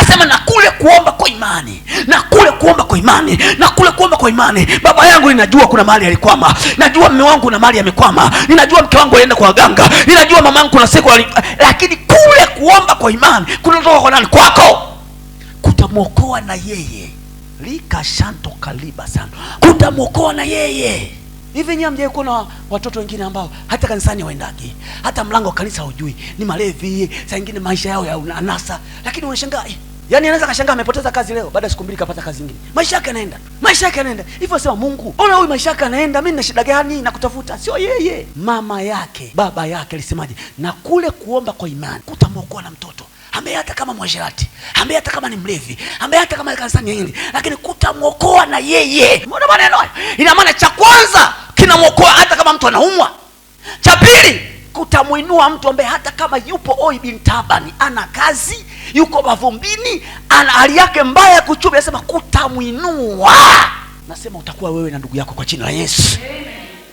asema na kule kuomba kwa imani, na kule kuomba kwa imani, na kule kuomba kwa imani. Baba yangu, ninajua kuna mali alikwama, najua mume wangu na mali amekwama, ninajua mke wangu alienda kwa waganga, ninajua mama yangu kuna siku ali... lakini kule kuomba kwa imani kunatoka kwa nani? Kwako kutamwokoa na yeye lika shanto kaliba sana, kutamwokoa na yeye Hivi nyinyi hamjawahi kuona watoto wengine ambao hata kanisani waendagi, hata mlango wa kanisa hujui, ni malevi, saa nyingine maisha yao ya anasa, lakini unashangaa eh, yaani anaweza kashangaa amepoteza kazi leo, baada ya siku mbili kapata kazi nyingine, maisha yake yanaenda, maisha yake yanaenda hivyo. Sema Mungu, ona huyu maisha yake yanaenda, mimi nina shida gani? na kutafuta sio yeye, mama yake, baba yake alisemaje? na kule kuomba kwa imani kutamwokoa na mtoto ambaye hata kama mwasherati ambaye hata kama ni mlevi ambaye hata kama kanisani hili, lakini kutamwokoa na yeye. Mbona maneno hayo? Ina maana cha kwanza kunamwokoa hata kama mtu anaumwa. Cha pili kutamwinua mtu ambaye hata kama yupo oi bin tabani, ana kazi, yuko mavumbini, ana hali yake mbaya ya kuchumi, anasema kutamwinua. Nasema utakuwa wewe na ndugu yako kwa jina la Yesu. Amen.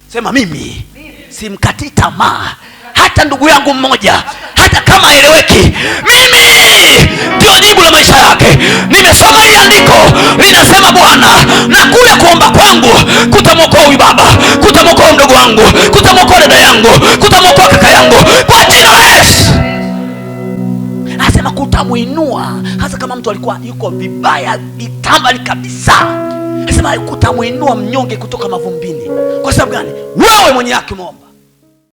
Sema mimi simkati tamaa hata ndugu yangu mmoja, hata kama aeleweki, mimi ndio jibu kuomba kwangu kutamwokoa huyu baba, kutamwokoa mdogo wangu, kutamwokoa dada yangu, kutamwokoa kaka yangu kwa jina la Yesu. asema kutamuinua, hasa kama mtu alikuwa yuko vibaya vitambali kabisa. asema kutamuinua mnyonge kutoka mavumbini. Kwa sababu gani? Wewe mwenye haki umeomba